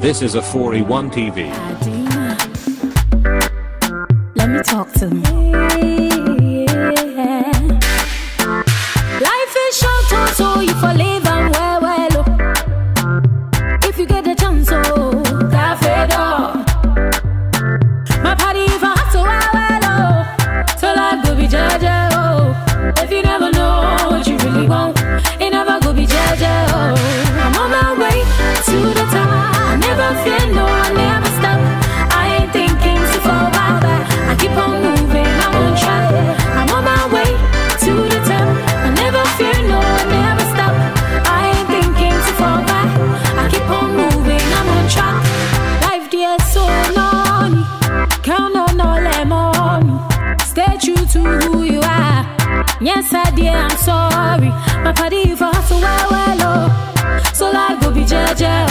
This is a 4E1 TV. Let me talk to me. my party, you for hustle, well, well, oh. So life go be jail, jail.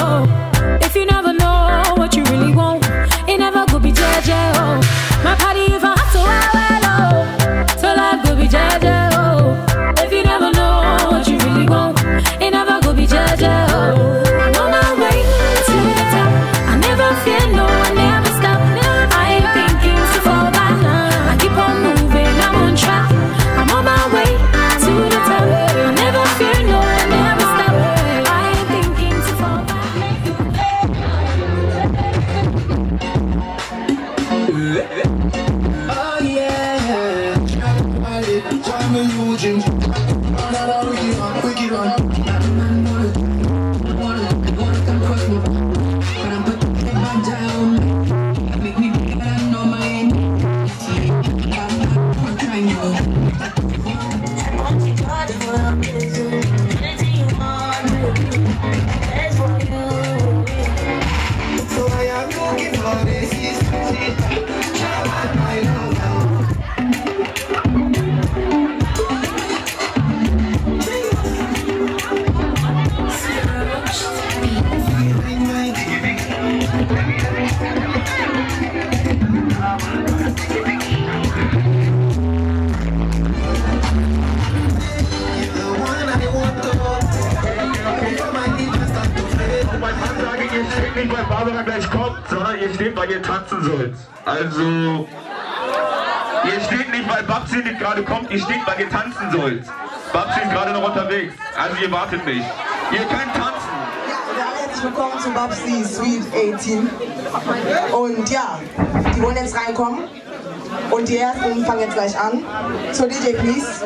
gleich kommt, sondern ihr steht, weil ihr tanzen sollt. Also, ihr steht nicht, weil Babsi nicht gerade kommt, ihr steht, weil ihr tanzen sollt. Babsi ist gerade noch unterwegs, also ihr wartet nicht. Ihr könnt tanzen. Ja, und herzlich willkommen zu Babsi Sweet 18. Und ja, die wollen jetzt reinkommen. Und die ersten fangen jetzt gleich an. Zur DJ, please.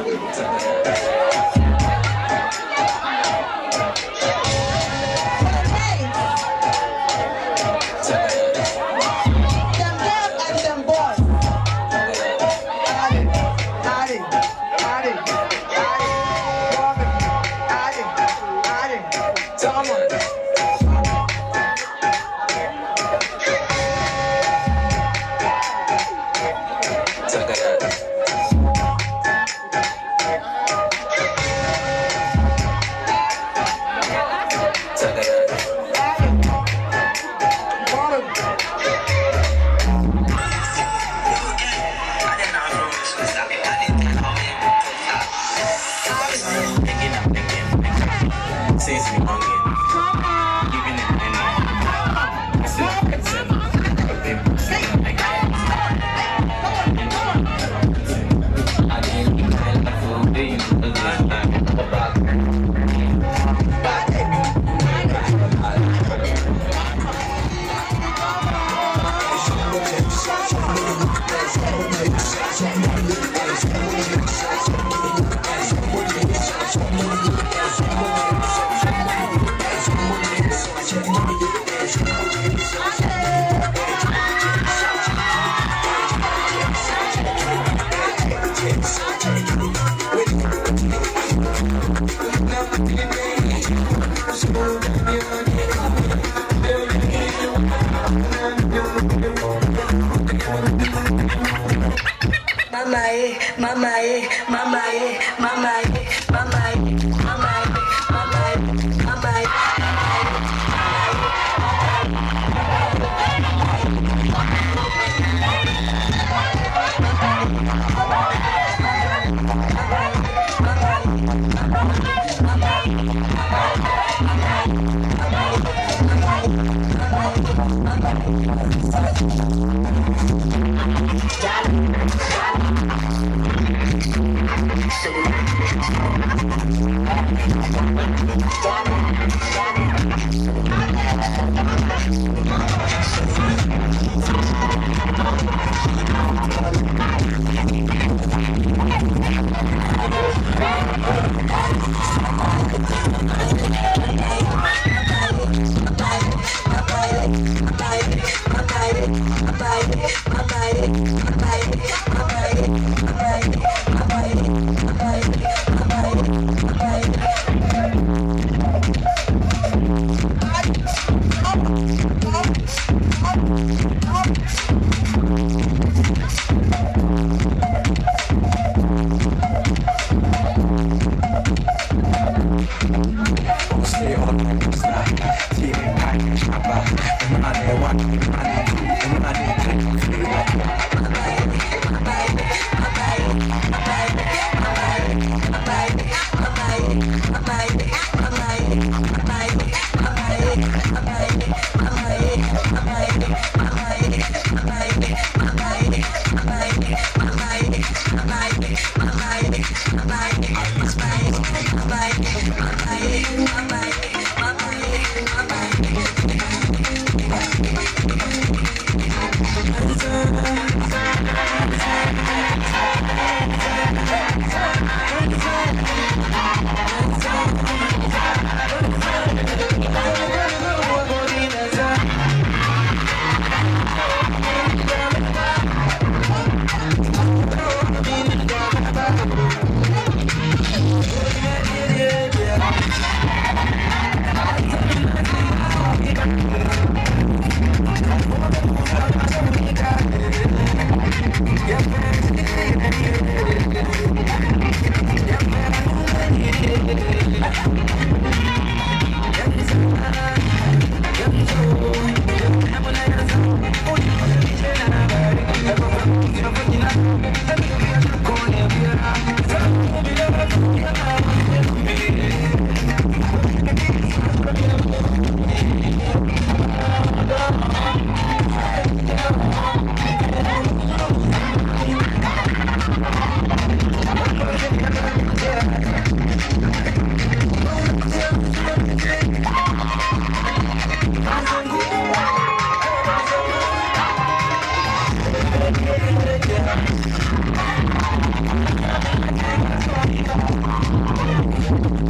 Thank you.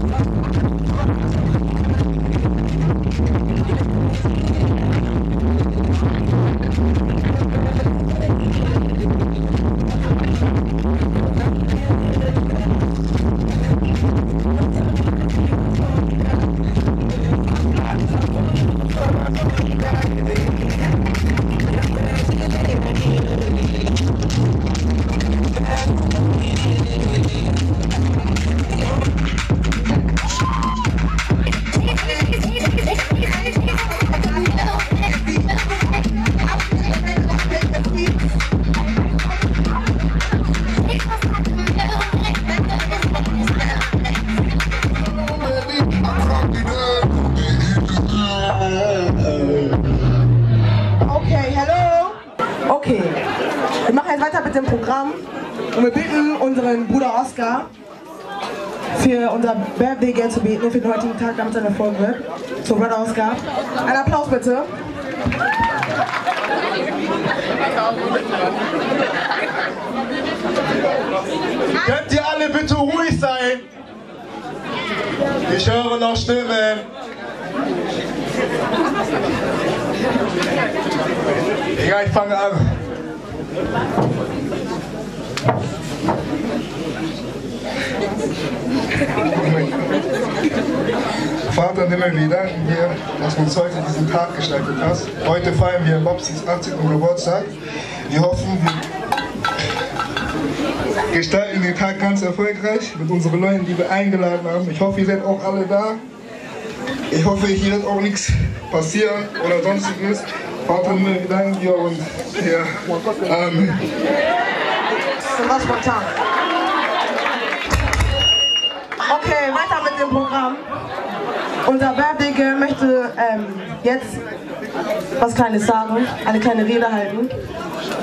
Geld zu bieten, für den heutigen Tag, damit er ein Erfolg wird. Zur Red Ausgabe. Ein Applaus bitte. Könnt ihr alle bitte ruhig sein? Ich höre noch Stimmen. Egal, ich fange an. Vater nimm Himmel, wir danken dir, dass du uns heute diesen Tag gestaltet hast. Heute feiern wir Babsis 80. Geburtstag. Wir hoffen, wir gestalten den Tag ganz erfolgreich mit unseren Leuten, die wir eingeladen haben. Ich hoffe, ihr seid auch alle da. Ich hoffe, hier wird auch nichts passieren oder sonstiges. Vater nimm Himmel, wir dir und ja, Amen. Das war spontan. Programm. Unser Birthday möchte ähm, jetzt was Kleines sagen, eine kleine Rede halten.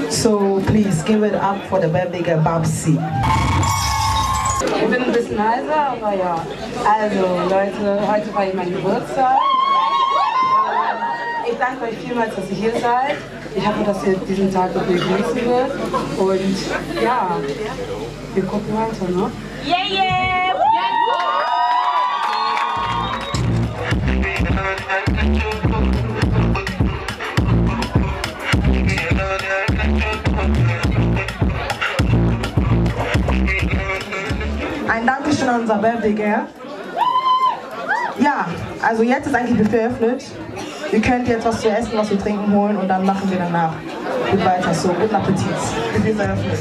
So please give it up for the Birthday Babsi. Ich bin ein bisschen leiser, aber ja. Also Leute, heute war ich mein Geburtstag. Ich danke euch vielmals, dass ihr hier seid. Ich hoffe, dass ihr diesen Tag wirklich genießen wird. Und ja, wir gucken weiter, ne? Yeah, yeah! unser Birthday Girl. Ja, also jetzt ist eigentlich Buffet eröffnet. Ihr könnt jetzt was zu essen, was zu trinken holen und dann machen wir danach. Gut weiter so. Guten Appetit. Buffet eröffnet.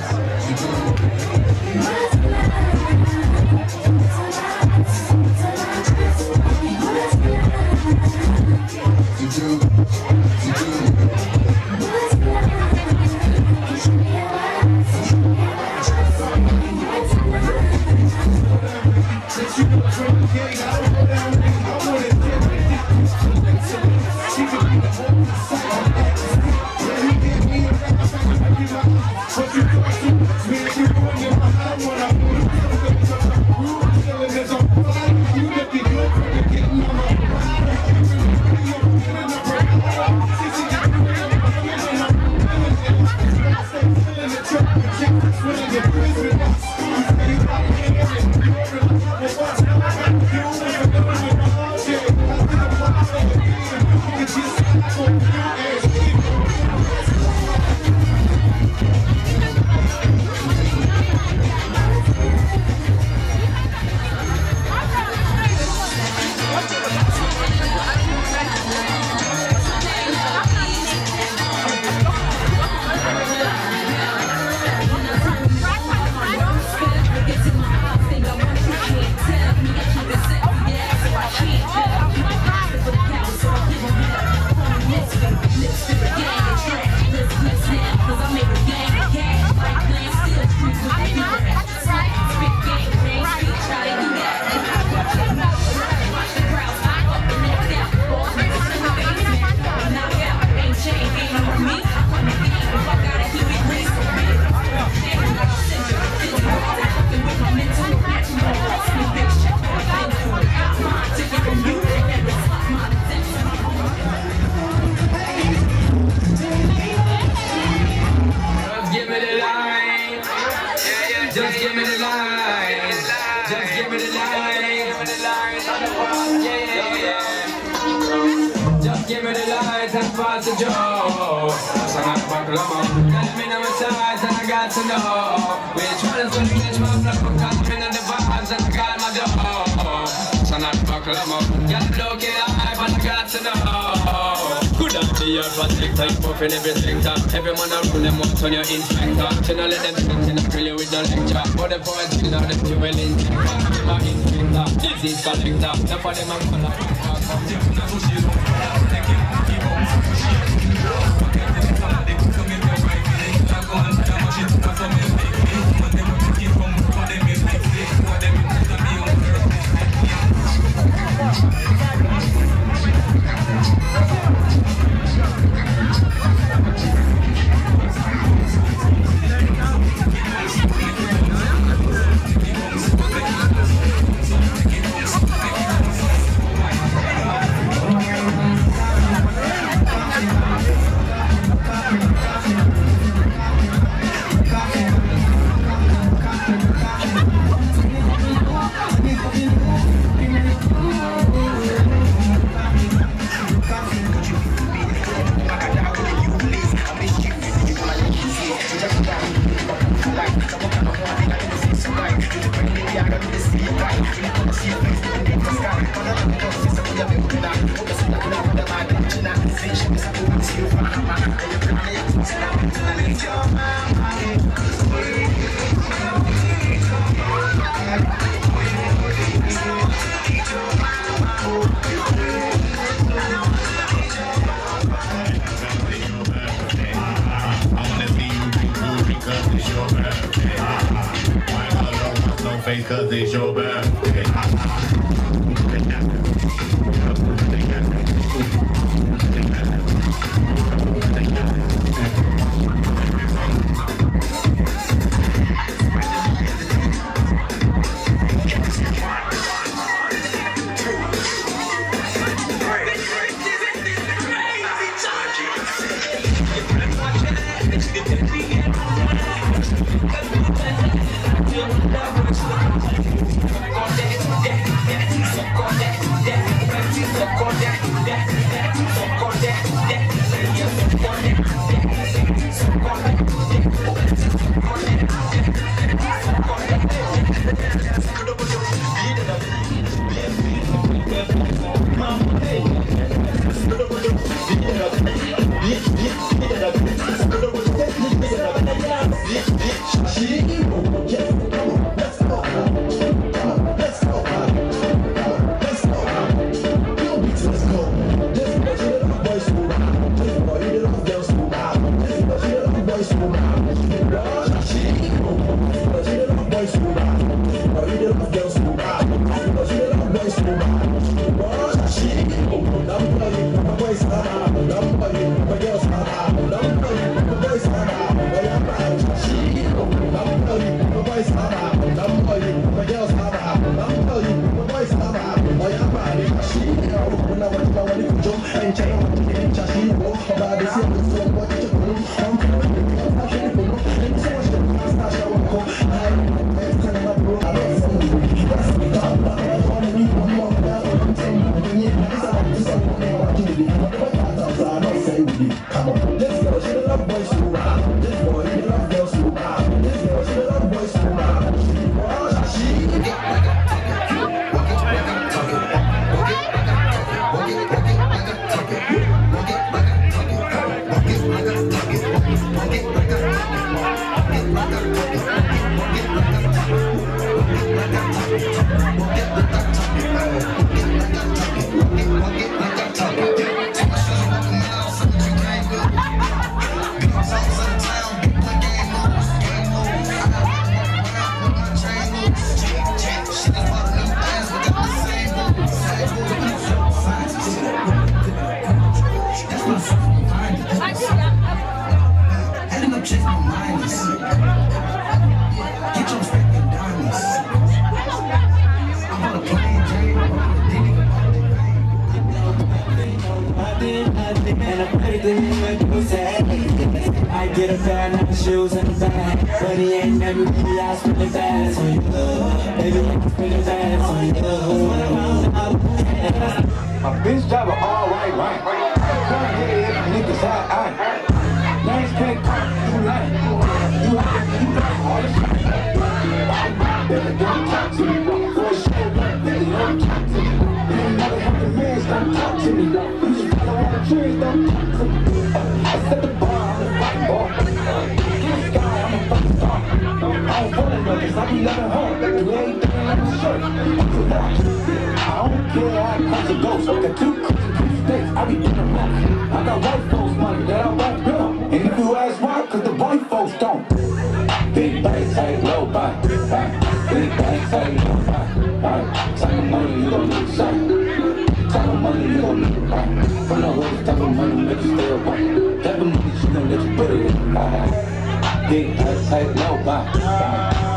good pussy. I get a pair of nice shoes and a bag, but he ain't never baby. I spend it fast for you, love. Baby, I spend it fast for you, love. My bitch drive an all white right. Come here, niggas, I, I. Nice pick, you like, you like, you like all the shit. Baby, don't talk to me, don't talk to me, don't talk to me. You never have a man, stop talk to me. Cheers, though. I set the bar, I'm a fighting ball. Get the sky, I'm a fucking star. I don't want another, cause I be loving her. Do everything like a shirt. So watch. I don't care, I catch a ghost. I got two cooks and two steaks, I be doing rap. I got white folks money that I won't bill. And if you ask why, cause the white folks don't. Big bank, take low buy. Big bank, take low buy. Take money, you do gon' lose sight. Take money, you don't gon' lose Find a way to stop talking money, make you stay away. Type of money she gon' let you put it in. Big I tight, no, bye.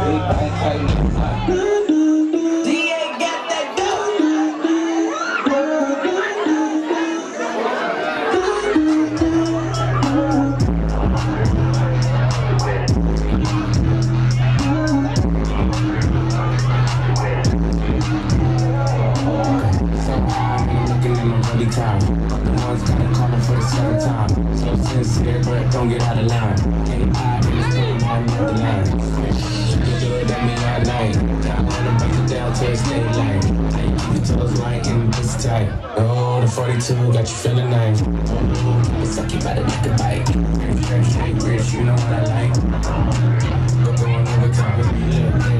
Dick, I tight, no, tight. Oh, Roll the 42, got you feeling nice. Suck your body like a bike. Rich, rich, rich, you know what I like. But going over top of me,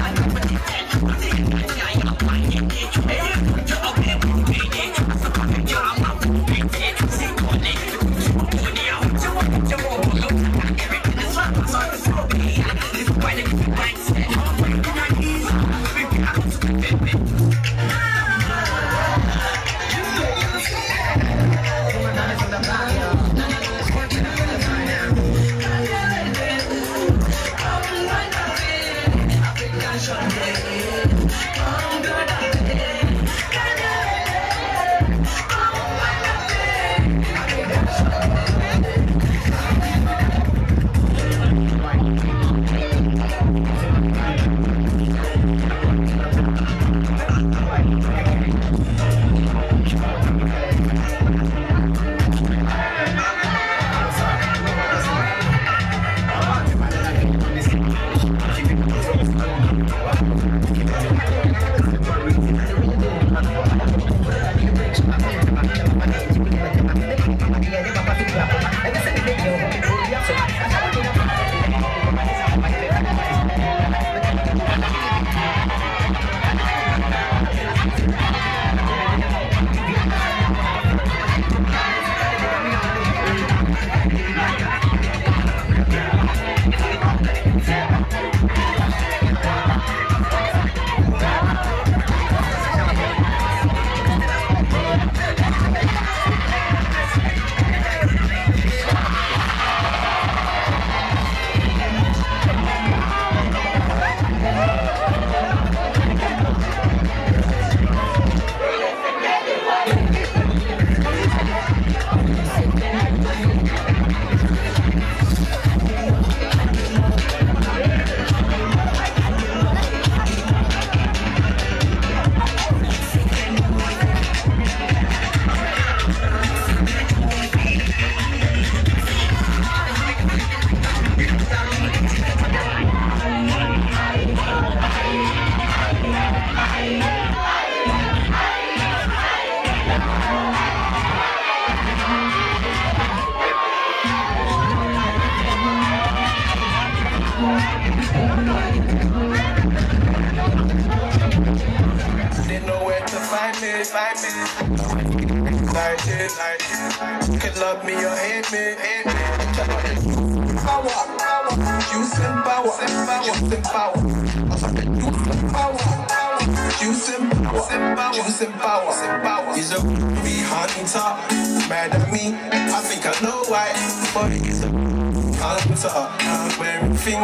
なに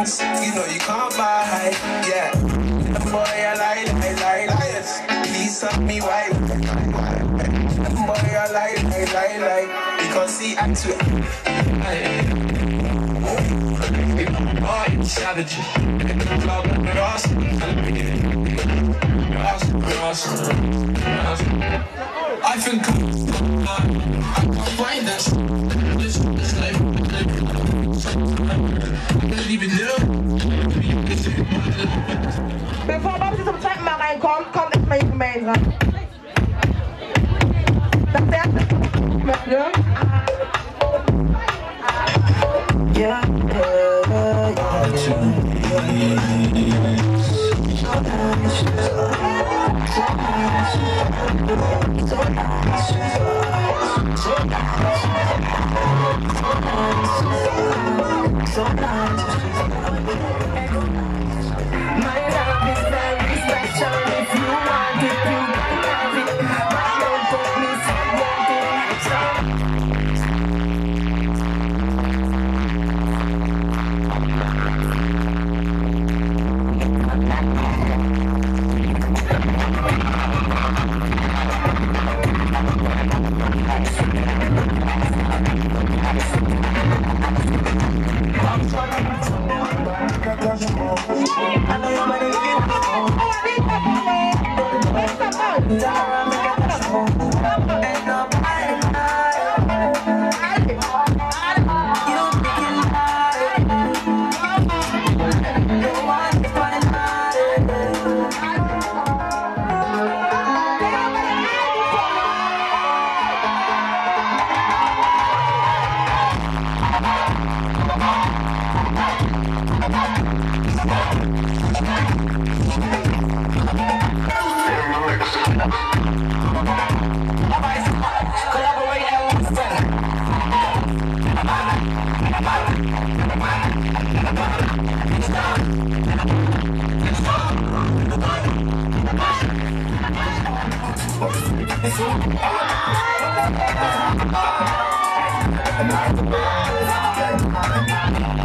things you know you can't buy. Yeah, the boy I lie, lie, lie, liars. Please help me, why? The boy I lie, lie, lie, lie. Because he act with. Boy, savage. Club and the rust. Bevor Bobby zum zweiten Mal reinkommt, kommt erstmal die Main rein. Das erste Mal, Ja, ja, øh, ja. I'm not the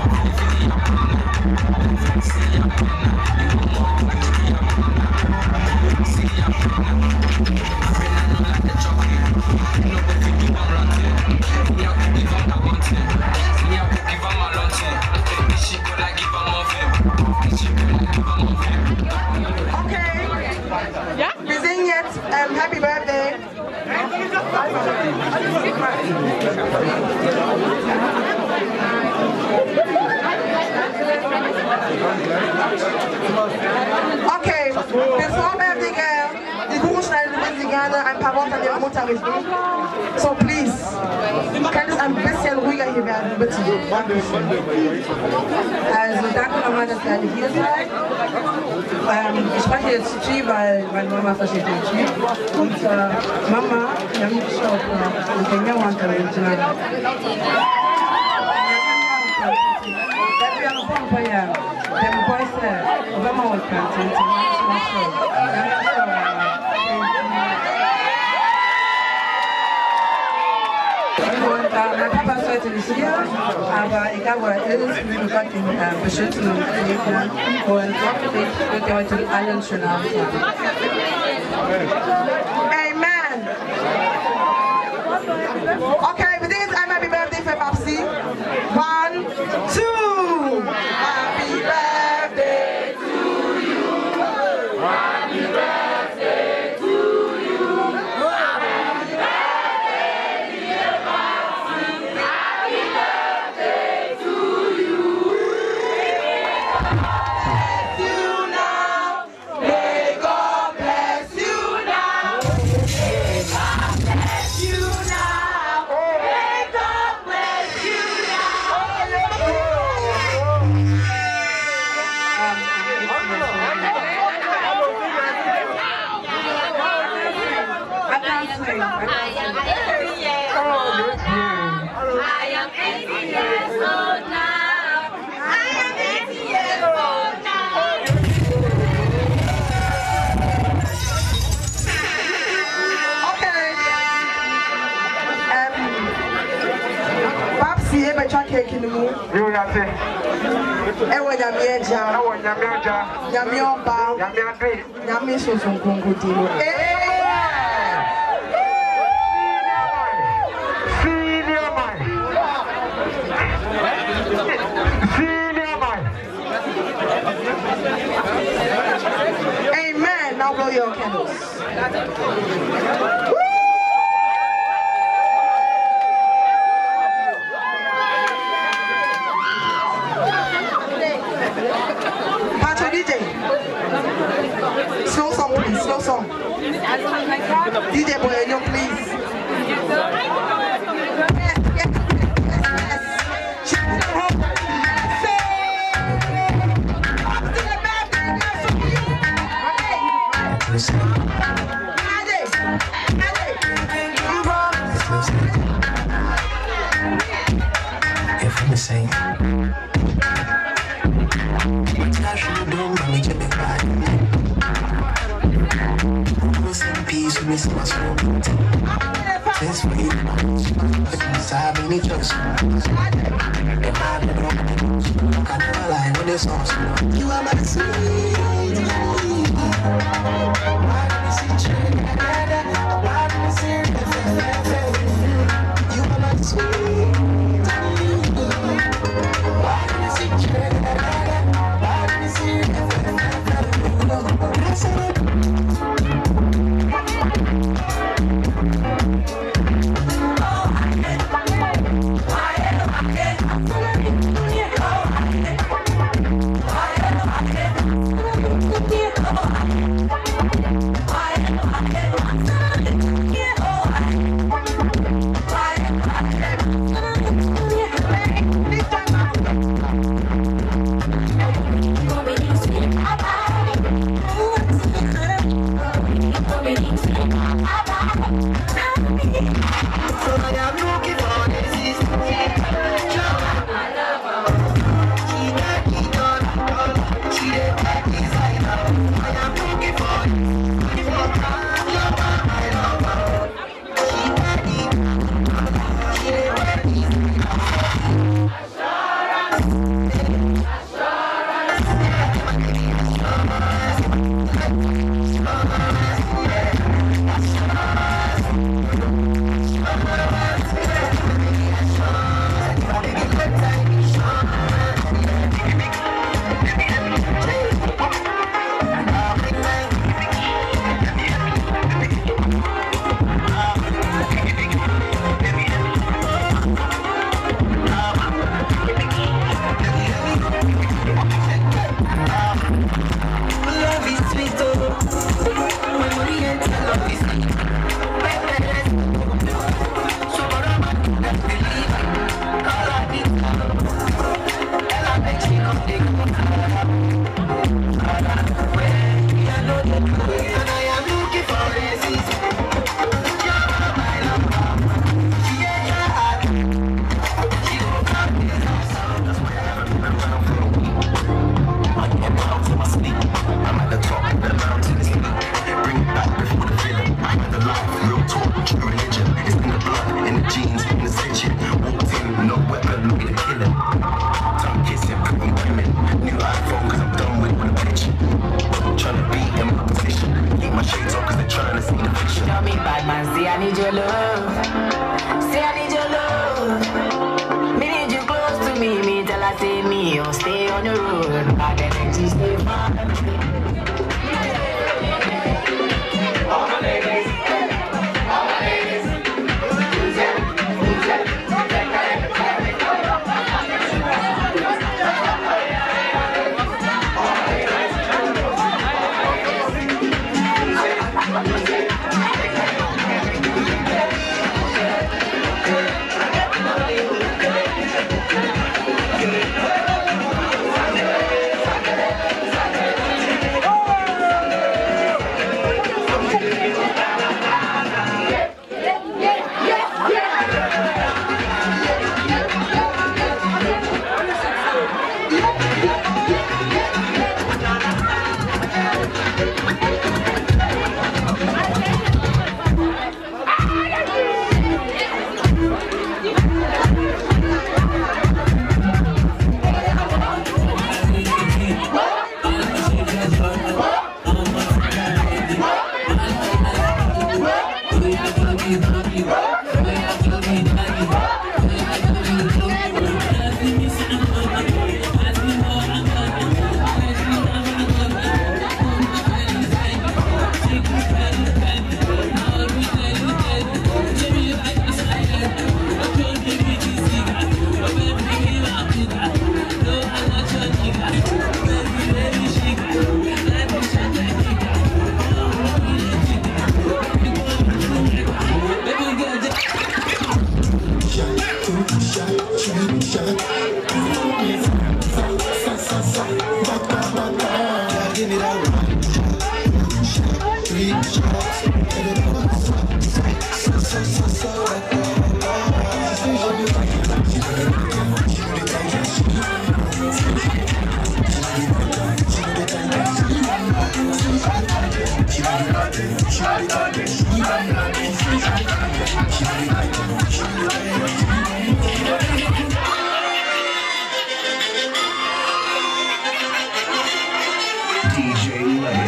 Mutter richtig. So, please. Kann es ein bisschen ruhiger hier werden, bitte? Also, danke nochmal, dass ihr alle hier seid. Ähm, ich spreche jetzt Chi, weil meine Mama versteht den Chi. Und äh, Mama, ich habe mich geschaut, ich bin ja wann kann ich Dem boy said, Obama was planting, so much, much, aber egal wo er ist, möge Gott ihn äh, beschützen und Und hoffentlich wird heute allen einen schönen Abend haben. Amen. Amen. ewe nyamieja ewe nyamieja nyamiomba nyamiadri nyamisusu nkungudiro eh, eh. Amen. Now blow your candles.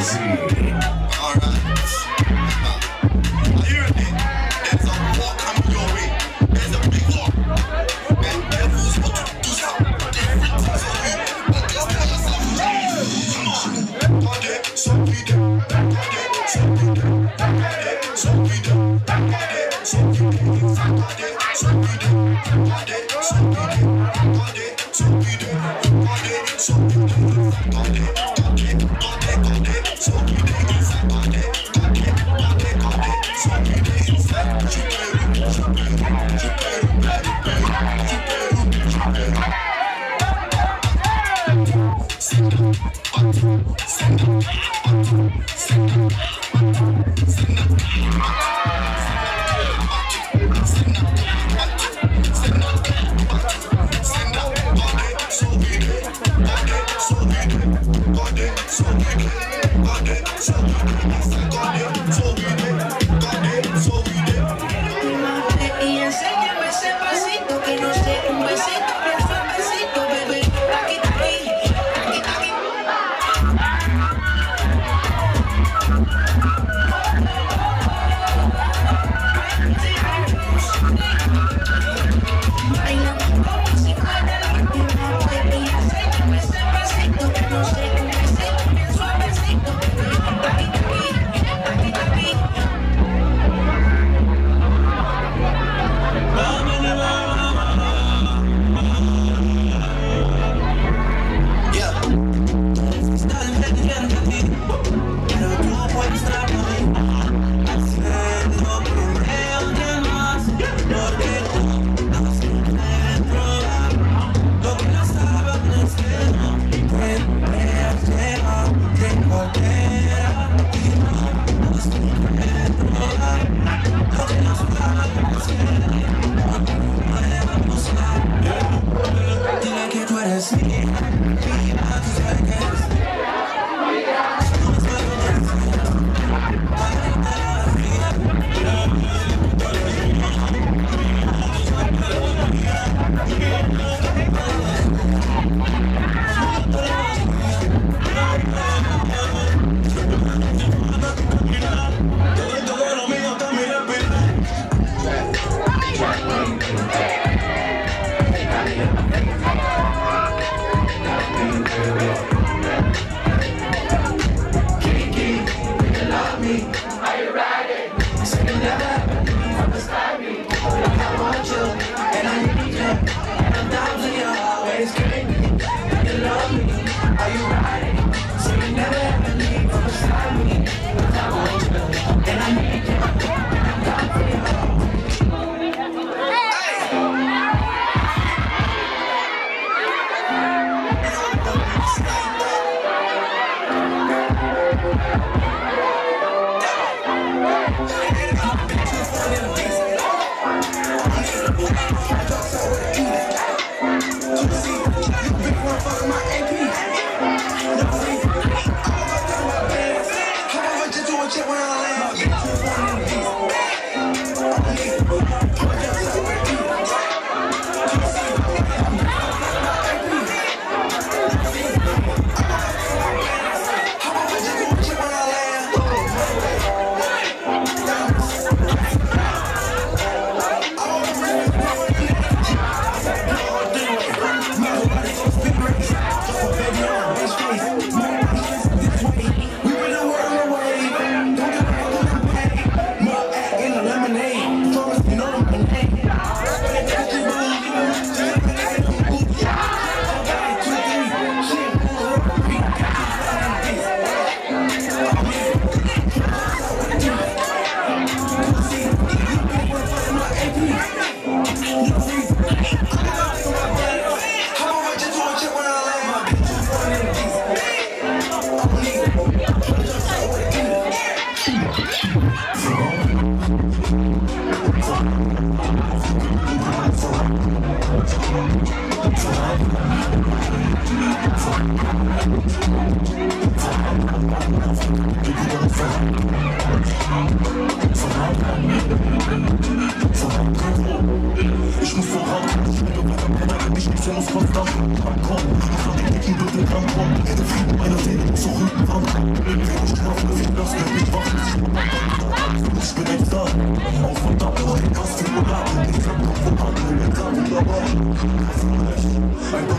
Z. All right.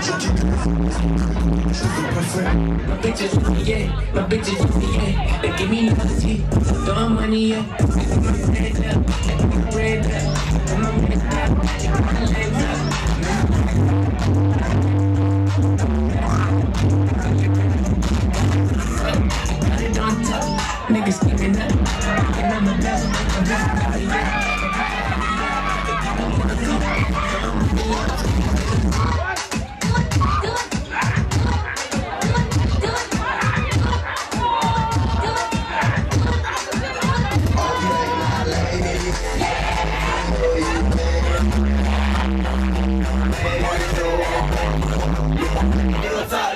My bitches with me, yeah. My bitches with me, yeah. They give me another T. Throwing money, yeah. My red up, my red up, my red up, my legs up. Niggas keeping up.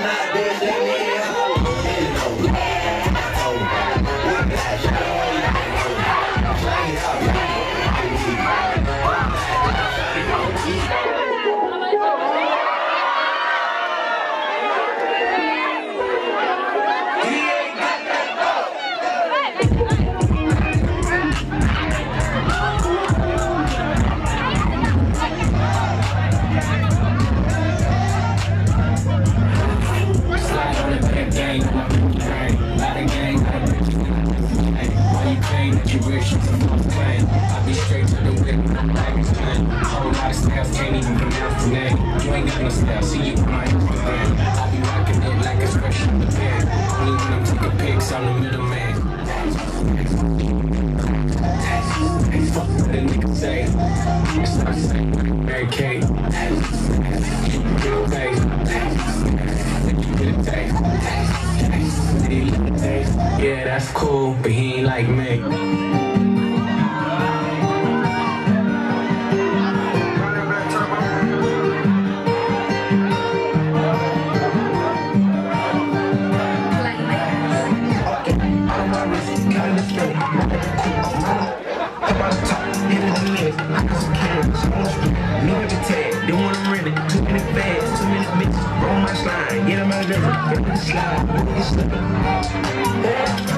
Mama. Nah, you ain't got no style, see you behind the brand. I'll be rocking it like it's fresh the pan. Only when I'm taking pics, I'm the middleman. Fuck what a nigga say. It's not Mary Kate. Real Get a Yeah, that's cool, but he ain't like me. Slide, slide, slide. Yeah.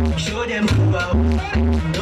Yeah.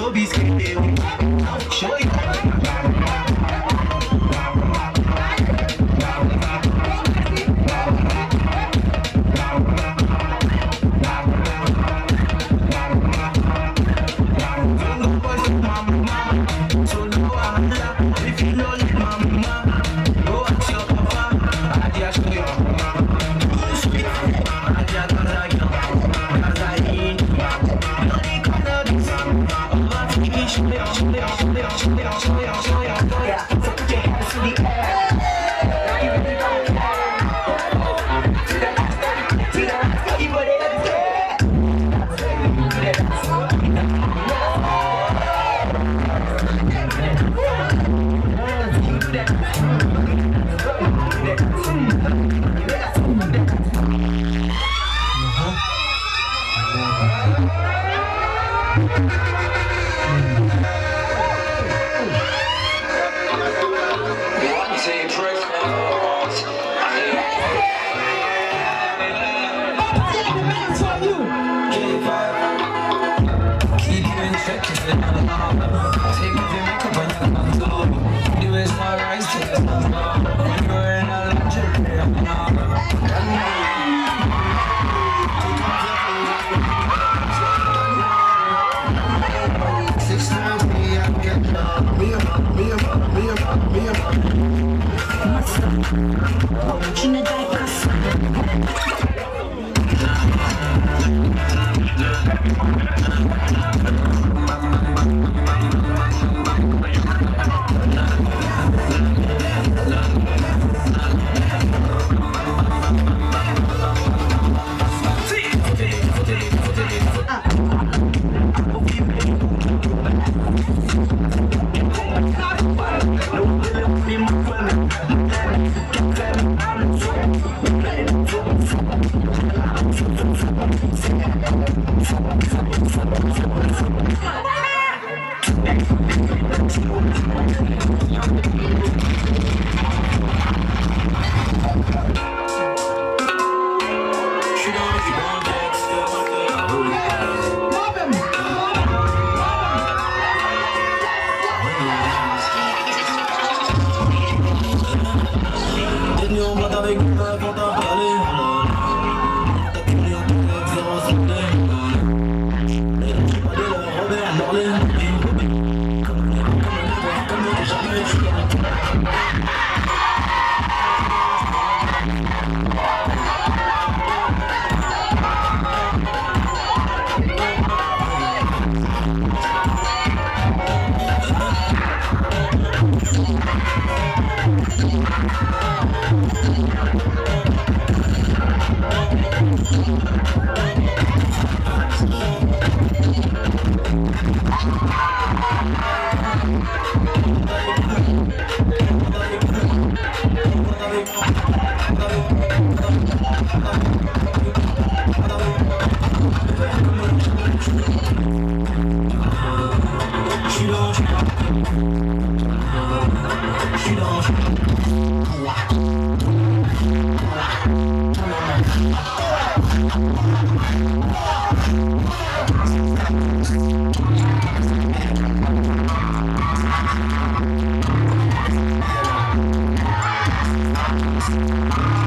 Thank you.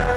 you.